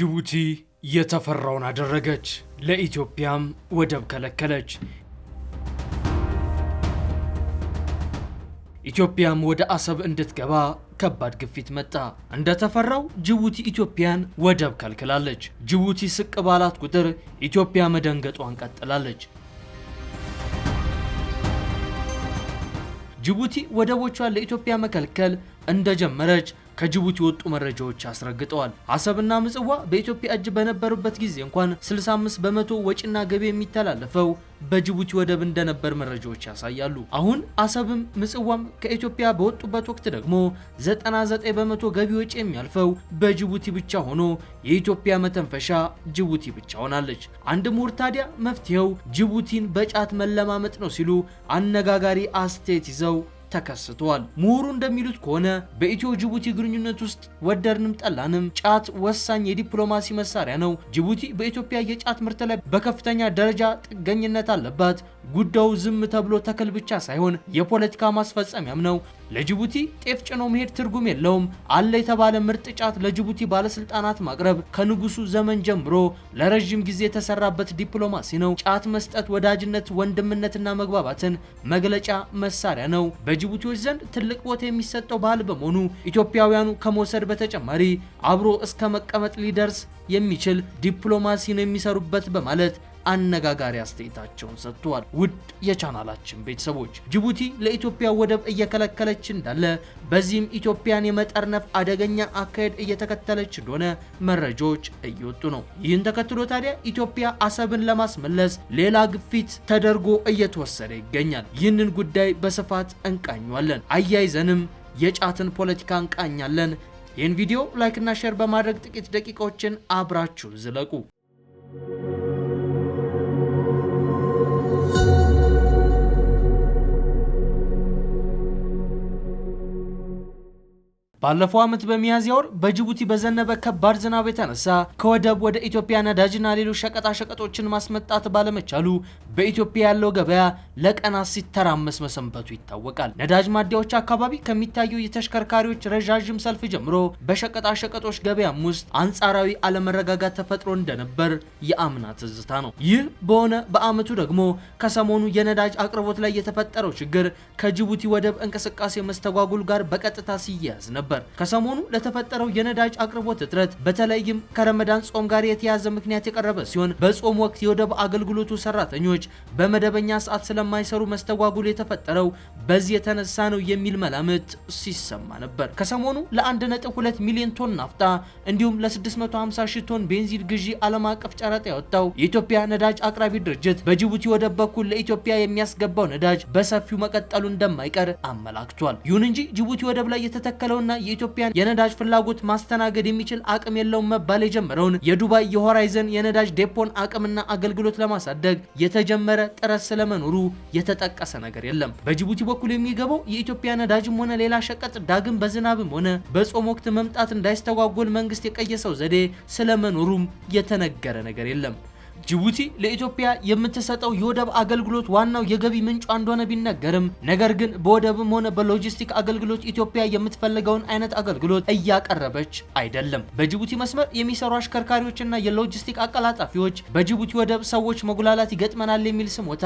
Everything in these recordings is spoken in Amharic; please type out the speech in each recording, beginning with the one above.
ጅቡቲ የተፈራውን አደረገች፣ ለኢትዮጵያም ወደብ ከለከለች። ኢትዮጵያም ወደ አሰብ እንድትገባ ከባድ ግፊት መጣ። እንደተፈራው ጅቡቲ ኢትዮጵያን ወደብ ከልክላለች። ጅቡቲ ስቅ ባላት ቁጥር ኢትዮጵያ መደንገጧን ቀጥላለች። ጅቡቲ ወደቦቿን ለኢትዮጵያ መከልከል እንደጀመረች ከጅቡቲ የወጡ መረጃዎች አስረግጠዋል። አሰብና ምጽዋ በኢትዮጵያ እጅ በነበሩበት ጊዜ እንኳን 65 በመቶ ወጪና ገቢ የሚተላለፈው በጅቡቲ ወደብ እንደነበር መረጃዎች ያሳያሉ። አሁን አሰብም ምጽዋም ከኢትዮጵያ በወጡበት ወቅት ደግሞ 99 በመቶ ገቢ ወጪ የሚያልፈው በጅቡቲ ብቻ ሆኖ የኢትዮጵያ መተንፈሻ ጅቡቲ ብቻ ሆናለች። አንድ ምሁር ታዲያ መፍትሄው ጅቡቲን በጫት መለማመጥ ነው ሲሉ አነጋጋሪ አስተያየት ይዘው ተከስቷል። ምሁሩ እንደሚሉት ከሆነ በኢትዮ ጅቡቲ ግንኙነት ውስጥ ወደርንም ጠላንም ጫት ወሳኝ የዲፕሎማሲ መሳሪያ ነው። ጅቡቲ በኢትዮጵያ የጫት ምርት ላይ በከፍተኛ ደረጃ ጥገኝነት አለባት። ጉዳዩ ዝም ተብሎ ተክል ብቻ ሳይሆን የፖለቲካ ማስፈጸሚያም ነው። ለጅቡቲ ጤፍ ጭኖ መሄድ ትርጉም የለውም አለ የተባለ ምርጥ ጫት ለጅቡቲ ባለስልጣናት ማቅረብ ከንጉሱ ዘመን ጀምሮ ለረዥም ጊዜ የተሰራበት ዲፕሎማሲ ነው። ጫት መስጠት ወዳጅነት፣ ወንድምነትና መግባባትን መግለጫ መሳሪያ ነው። በጅቡቲዎች ዘንድ ትልቅ ቦታ የሚሰጠው ባህል በመሆኑ ኢትዮጵያውያኑ ከመውሰድ በተጨማሪ አብሮ እስከ መቀመጥ ሊደርስ የሚችል ዲፕሎማሲ ነው የሚሰሩበት በማለት አነጋጋሪ አስተያየታቸውን ሰጥተዋል። ውድ የቻናላችን ቤተሰቦች ጅቡቲ ለኢትዮጵያ ወደብ እየከለከለች እንዳለ በዚህም ኢትዮጵያን የመጠርነፍ አደገኛ አካሄድ እየተከተለች እንደሆነ መረጃዎች እየወጡ ነው። ይህን ተከትሎ ታዲያ ኢትዮጵያ አሰብን ለማስመለስ ሌላ ግፊት ተደርጎ እየተወሰደ ይገኛል። ይህንን ጉዳይ በስፋት እንቃኘዋለን። አያይዘንም የጫትን ፖለቲካ እንቃኛለን። ይህን ቪዲዮ ላይክና ሼር በማድረግ ጥቂት ደቂቃዎችን አብራችሁ ዝለቁ። ባለፈው ዓመት በሚያዝያ ወር በጅቡቲ በዘነበ ከባድ ዝናብ የተነሳ ከወደብ ወደ ኢትዮጵያ ነዳጅና ሌሎች ሸቀጣሸቀጦችን ማስመጣት ባለመቻሉ በኢትዮጵያ ያለው ገበያ ለቀናት ሲተራመስ መሰንበቱ ይታወቃል። ነዳጅ ማደያዎች አካባቢ ከሚታየው የተሽከርካሪዎች ረዣዥም ሰልፍ ጀምሮ በሸቀጣሸቀጦች ገበያም ውስጥ አንጻራዊ አለመረጋጋት ተፈጥሮ እንደነበር የአምና ትዝታ ነው። ይህ በሆነ በዓመቱ ደግሞ ከሰሞኑ የነዳጅ አቅርቦት ላይ የተፈጠረው ችግር ከጅቡቲ ወደብ እንቅስቃሴ መስተጓጉል ጋር በቀጥታ ሲያያዝ ነበር። ነበር። ከሰሞኑ ለተፈጠረው የነዳጅ አቅርቦት እጥረት በተለይም ከረመዳን ጾም ጋር የተያዘ ምክንያት የቀረበ ሲሆን በጾም ወቅት የወደብ አገልግሎቱ ሰራተኞች በመደበኛ ሰዓት ስለማይሰሩ መስተጓጉል የተፈጠረው በዚህ የተነሳ ነው የሚል መላምት ሲሰማ ነበር። ከሰሞኑ ለ1.2 ሚሊዮን ቶን ናፍጣ እንዲሁም ለ650 ሺህ ቶን ቤንዚን ግዢ ዓለም አቀፍ ጨረታ ያወጣው የኢትዮጵያ ነዳጅ አቅራቢ ድርጅት በጅቡቲ ወደብ በኩል ለኢትዮጵያ የሚያስገባው ነዳጅ በሰፊው መቀጠሉ እንደማይቀር አመላክቷል። ይሁን እንጂ ጅቡቲ ወደብ ላይ የተተከለውና የኢትዮጵያን የነዳጅ ፍላጎት ማስተናገድ የሚችል አቅም የለውም መባል የጀመረውን የዱባይ የሆራይዘን የነዳጅ ዴፖን አቅምና አገልግሎት ለማሳደግ የተጀመረ ጥረት ስለመኖሩ የተጠቀሰ ነገር የለም። በጅቡቲ በኩል የሚገባው የኢትዮጵያ ነዳጅም ሆነ ሌላ ሸቀጥ ዳግም በዝናብም ሆነ በጾም ወቅት መምጣት እንዳይስተጓጎል መንግስት የቀየሰው ዘዴ ስለመኖሩም የተነገረ ነገር የለም። ጅቡቲ ለኢትዮጵያ የምትሰጠው የወደብ አገልግሎት ዋናው የገቢ ምንጯ እንደሆነ ቢነገርም ነገር ግን በወደብም ሆነ በሎጂስቲክ አገልግሎት ኢትዮጵያ የምትፈልገውን አይነት አገልግሎት እያቀረበች አይደለም። በጅቡቲ መስመር የሚሰሩ አሽከርካሪዎችና የሎጂስቲክ አቀላጣፊዎች በጅቡቲ ወደብ ሰዎች መጉላላት ይገጥመናል የሚል ስሞታ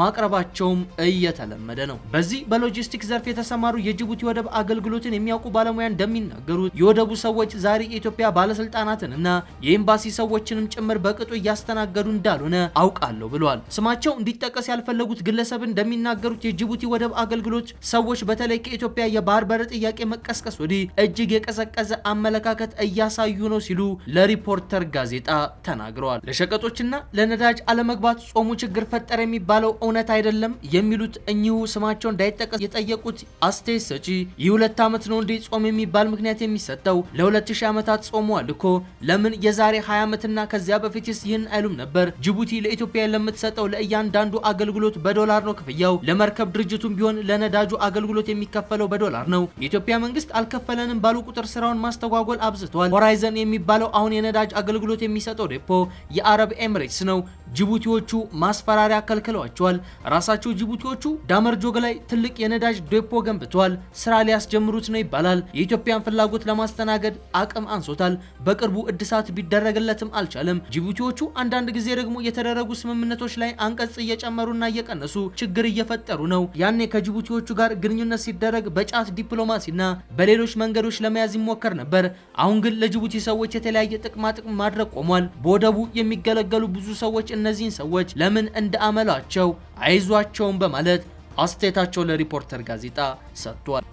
ማቅረባቸውም እየተለመደ ነው። በዚህ በሎጂስቲክ ዘርፍ የተሰማሩ የጅቡቲ ወደብ አገልግሎትን የሚያውቁ ባለሙያ እንደሚናገሩት የወደቡ ሰዎች ዛሬ የኢትዮጵያ ባለስልጣናትንና የኤምባሲ ሰዎችንም ጭምር በቅጡ እያስተናገ እየታገዱ እንዳልሆነ አውቃለሁ ብለዋል። ስማቸው እንዲጠቀስ ያልፈለጉት ግለሰብ እንደሚናገሩት የጅቡቲ ወደብ አገልግሎት ሰዎች በተለይ ከኢትዮጵያ የባህር በር ጥያቄ መቀስቀስ ወዲህ እጅግ የቀዘቀዘ አመለካከት እያሳዩ ነው ሲሉ ለሪፖርተር ጋዜጣ ተናግረዋል። ለሸቀጦችና ለነዳጅ አለመግባት ጾሙ ችግር ፈጠረ የሚባለው እውነት አይደለም የሚሉት እኚሁ ስማቸው እንዳይጠቀስ የጠየቁት አስተያየት ሰጪ ይህ ሁለት ዓመት ነው እንዴ ጾም የሚባል ምክንያት የሚሰጠው? ለ 2000 ዓመታት ጾሙ አልኮ ለምን የዛሬ 20 ዓመትና ከዚያ በፊትስ ይህን አይሉም ነበር? ነበር። ጅቡቲ ለኢትዮጵያ ለምትሰጠው ለእያንዳንዱ አገልግሎት በዶላር ነው ክፍያው። ለመርከብ ድርጅቱም ቢሆን ለነዳጁ አገልግሎት የሚከፈለው በዶላር ነው። የኢትዮጵያ መንግስት አልከፈለንም ባሉ ቁጥር ስራውን ማስተጓጎል አብዝቷል። ሆራይዘን የሚባለው አሁን የነዳጅ አገልግሎት የሚሰጠው ዴፖ የአረብ ኤምሬትስ ነው። ጅቡቲዎቹ ማስፈራሪያ ከልክለዋቸዋል። ራሳቸው ጅቡቲዎቹ ዳመርጆግ ላይ ትልቅ የነዳጅ ዴፖ ገንብተዋል። ስራ ሊያስጀምሩት ነው ይባላል። የኢትዮጵያን ፍላጎት ለማስተናገድ አቅም አንሶታል። በቅርቡ እድሳት ቢደረግለትም አልቻለም። ጅቡቲዎቹ አንዳንድ ጊዜ ደግሞ የተደረጉ ስምምነቶች ላይ አንቀጽ እየጨመሩና እየቀነሱ ችግር እየፈጠሩ ነው። ያኔ ከጅቡቲዎቹ ጋር ግንኙነት ሲደረግ በጫት ዲፕሎማሲና በሌሎች መንገዶች ለመያዝ ይሞከር ነበር። አሁን ግን ለጅቡቲ ሰዎች የተለያየ ጥቅማጥቅም ማድረግ ቆሟል። በወደቡ የሚገለገሉ ብዙ ሰዎች እነዚህን ሰዎች ለምን እንደ አመሏቸው አይዟቸውም በማለት አስተያየታቸው ለሪፖርተር ጋዜጣ ሰጥቷል።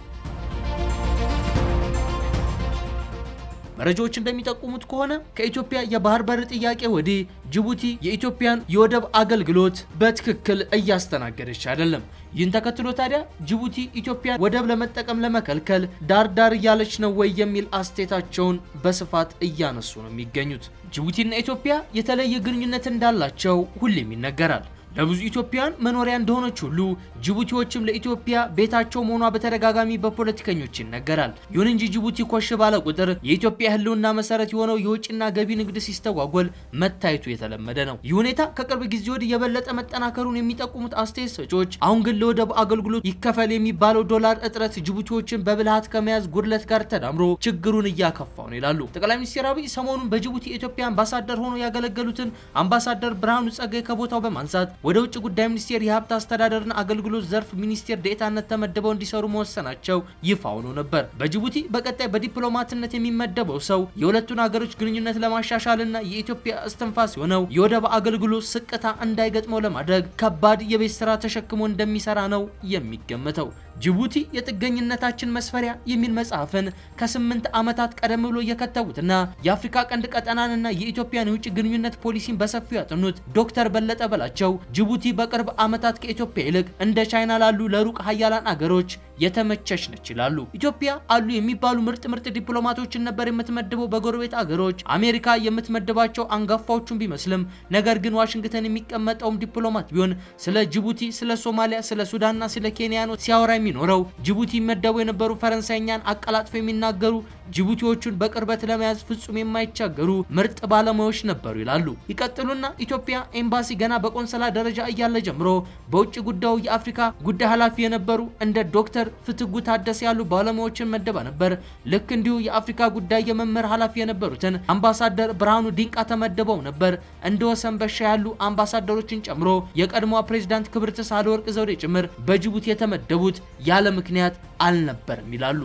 መረጃዎች እንደሚጠቁሙት ከሆነ ከኢትዮጵያ የባህር በር ጥያቄ ወዲህ ጅቡቲ የኢትዮጵያን የወደብ አገልግሎት በትክክል እያስተናገደች አይደለም። ይህን ተከትሎ ታዲያ ጅቡቲ ኢትዮጵያን ወደብ ለመጠቀም ለመከልከል ዳርዳር እያለች ነው ወይ የሚል አስተያየታቸውን በስፋት እያነሱ ነው የሚገኙት። ጅቡቲና ኢትዮጵያ የተለየ ግንኙነት እንዳላቸው ሁሌም ይነገራል። ለብዙ ኢትዮጵያን መኖሪያ እንደሆነች ሁሉ ጅቡቲዎችም ለኢትዮጵያ ቤታቸው መሆኗ በተደጋጋሚ በፖለቲከኞች ይነገራል። ይሁን እንጂ ጅቡቲ ኮሽ ባለ ቁጥር የኢትዮጵያ ሕልውና መሰረት የሆነው የውጭና ገቢ ንግድ ሲስተጓጎል መታየቱ የተለመደ ነው። ይህ ሁኔታ ከቅርብ ጊዜ ወዲህ የበለጠ መጠናከሩን የሚጠቁሙት አስተያየት ሰጪዎች አሁን ግን ለወደቡ አገልግሎት ይከፈል የሚባለው ዶላር እጥረት ጅቡቲዎችን በብልሃት ከመያዝ ጉድለት ጋር ተዳምሮ ችግሩን እያከፋው ነው ይላሉ። ጠቅላይ ሚኒስትር አብይ ሰሞኑን በጅቡቲ የኢትዮጵያ አምባሳደር ሆኖ ያገለገሉትን አምባሳደር ብርሃኑ ጸጋይ ከቦታው በማንሳት ወደ ውጭ ጉዳይ ሚኒስቴር የሀብት አስተዳደርና አገልግሎት ዘርፍ ሚኒስቴር ዴታነት ተመድበው እንዲሰሩ መወሰናቸው ይፋ ሆኖ ነበር። በጅቡቲ በቀጣይ በዲፕሎማትነት የሚመደበው ሰው የሁለቱን ሀገሮች ግንኙነት ለማሻሻልና የኢትዮጵያ እስትንፋስ የሆነው የወደብ አገልግሎት ስቅታ እንዳይገጥመው ለማድረግ ከባድ የቤት ስራ ተሸክሞ እንደሚሰራ ነው የሚገመተው። ጅቡቲ የጥገኝነታችን መስፈሪያ የሚል መጽሐፍን ከስምንት ዓመታት ቀደም ብሎ የከተቡትና የአፍሪካ ቀንድ ቀጠናንና የኢትዮጵያን የውጭ ግንኙነት ፖሊሲን በሰፊው ያጠኑት ዶክተር በለጠ በላቸው ጅቡቲ በቅርብ ዓመታት ከኢትዮጵያ ይልቅ እንደ ቻይና ላሉ ለሩቅ ሀያላን አገሮች የተመቸች ነች ይላሉ። ኢትዮጵያ አሉ የሚባሉ ምርጥ ምርጥ ዲፕሎማቶችን ነበር የምትመድበው በጎረቤት አገሮች። አሜሪካ የምትመድባቸው አንጋፋዎቹን ቢመስልም ነገር ግን ዋሽንግተን የሚቀመጠውም ዲፕሎማት ቢሆን ስለ ጅቡቲ፣ ስለ ሶማሊያ፣ ስለ ሱዳንና ስለ ኬንያ ነው ሲያወራ የሚኖረው። ጅቡቲ ይመደቡ የነበሩ ፈረንሳይኛን አቀላጥፎ የሚናገሩ ጅቡቲዎቹን በቅርበት ለመያዝ ፍጹም የማይቻገሩ ምርጥ ባለሙያዎች ነበሩ ይላሉ። ይቀጥሉና ኢትዮጵያ ኤምባሲ ገና በቆንሰላ ደረጃ እያለ ጀምሮ በውጭ ጉዳዩ የአፍሪካ ጉዳይ ኃላፊ የነበሩ እንደ ዶክተር ፍትጉ ታደሰ ያሉ ባለሙያዎችን መደባ ነበር። ልክ እንዲሁ የአፍሪካ ጉዳይ የመምህር ኃላፊ የነበሩትን አምባሳደር ብርሃኑ ዲንቃ ተመድበው ነበር። እንደ ወሰን በሻ ያሉ አምባሳደሮችን ጨምሮ የቀድሞዋ ፕሬዚዳንት ክብርት ሳህለወርቅ ዘውዴ ጭምር በጅቡቲ የተመደቡት ያለ ምክንያት አልነበርም ይላሉ።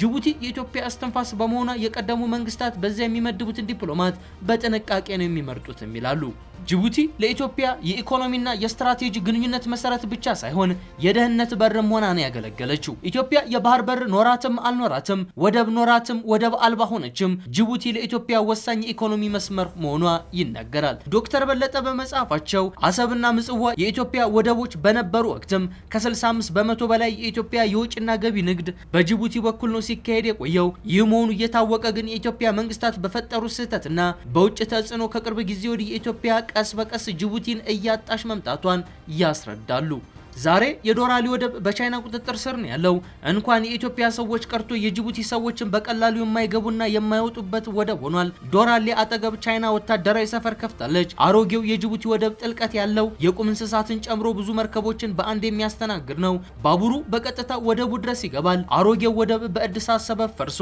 ጅቡቲ የኢትዮጵያ አስተንፋስ በመሆኗ የቀደሙ መንግስታት በዚያ የሚመድቡትን ዲፕሎማት በጥንቃቄ ነው የሚመርጡትም ይላሉ። ጅቡቲ ለኢትዮጵያ የኢኮኖሚና የስትራቴጂ ግንኙነት መሰረት ብቻ ሳይሆን የደህንነት በርም ሆና ነው ያገለገለችው። ኢትዮጵያ የባህር በር ኖራትም አልኖራትም፣ ወደብ ኖራትም ወደብ አልባ ሆነችም፣ ጅቡቲ ለኢትዮጵያ ወሳኝ የኢኮኖሚ መስመር መሆኗ ይነገራል። ዶክተር በለጠ በመጽሐፋቸው አሰብና ምጽዋ የኢትዮጵያ ወደቦች በነበሩ ወቅትም ከ65 በመቶ በላይ የኢትዮጵያ የውጭና ገቢ ንግድ በጅቡቲ በኩል ነው ሲካሄድ የቆየው። ይህ መሆኑ እየታወቀ ግን የኢትዮጵያ መንግስታት በፈጠሩ ስህተትና በውጭ ተጽዕኖ ከቅርብ ጊዜ ወዲህ የኢትዮጵያ ቀስ በቀስ ጅቡቲን እያጣች መምጣቷን ያስረዳሉ። ዛሬ የዶራሊ ወደብ በቻይና ቁጥጥር ስር ነው ያለው። እንኳን የኢትዮጵያ ሰዎች ቀርቶ የጅቡቲ ሰዎችን በቀላሉ የማይገቡና የማይወጡበት ወደብ ሆኗል። ዶራሌ አጠገብ ቻይና ወታደራዊ ሰፈር ከፍታለች። አሮጌው የጅቡቲ ወደብ ጥልቀት ያለው የቁም እንስሳትን ጨምሮ ብዙ መርከቦችን በአንድ የሚያስተናግድ ነው። ባቡሩ በቀጥታ ወደቡ ድረስ ይገባል። አሮጌው ወደብ በእድሳት ሰበብ ፈርሶ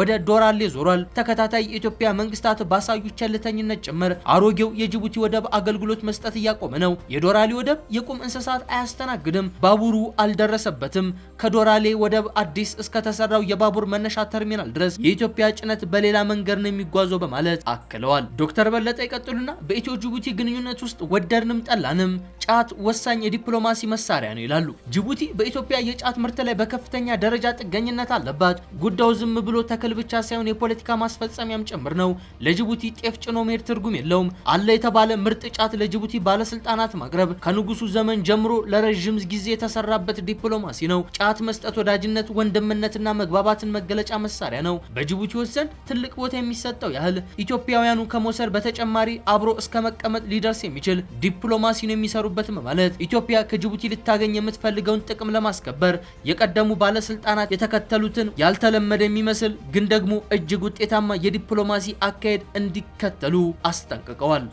ወደ ዶራሌ ዞሯል። ተከታታይ የኢትዮጵያ መንግስታት ባሳዩ ቸልተኝነት ጭምር አሮጌው የጅቡቲ ወደብ አገልግሎት መስጠት እያቆመ ነው። የዶራሌ ወደብ የቁም እንስሳት አያስተናግድ ቢያስተናግድም ባቡሩ አልደረሰበትም። ከዶራሌ ወደብ አዲስ እስከተሰራው የባቡር መነሻ ተርሚናል ድረስ የኢትዮጵያ ጭነት በሌላ መንገድ ነው የሚጓዘው በማለት አክለዋል። ዶክተር በለጠ ይቀጥሉና በኢትዮ ጅቡቲ ግንኙነት ውስጥ ወደድንም ጠላንም ጫት ወሳኝ የዲፕሎማሲ መሳሪያ ነው ይላሉ። ጅቡቲ በኢትዮጵያ የጫት ምርት ላይ በከፍተኛ ደረጃ ጥገኝነት አለባት። ጉዳዩ ዝም ብሎ ተክል ብቻ ሳይሆን የፖለቲካ ማስፈጸሚያም ጭምር ነው። ለጅቡቲ ጤፍ ጭኖ መሄድ ትርጉም የለውም። አለ የተባለ ምርጥ ጫት ለጅቡቲ ባለስልጣናት ማቅረብ ከንጉሱ ዘመን ጀምሮ ለረዥ ለረዥም ጊዜ የተሰራበት ዲፕሎማሲ ነው። ጫት መስጠት ወዳጅነት፣ ወንድምነትና መግባባትን መገለጫ መሳሪያ ነው። በጅቡቲዎች ዘንድ ትልቅ ቦታ የሚሰጠው ያህል ኢትዮጵያውያኑ ከመውሰድ በተጨማሪ አብሮ እስከ መቀመጥ ሊደርስ የሚችል ዲፕሎማሲ ነው የሚሰሩበትም ማለት ኢትዮጵያ ከጅቡቲ ልታገኝ የምትፈልገውን ጥቅም ለማስከበር የቀደሙ ባለስልጣናት የተከተሉትን ያልተለመደ የሚመስል ግን ደግሞ እጅግ ውጤታማ የዲፕሎማሲ አካሄድ እንዲከተሉ አስጠንቅቀዋል።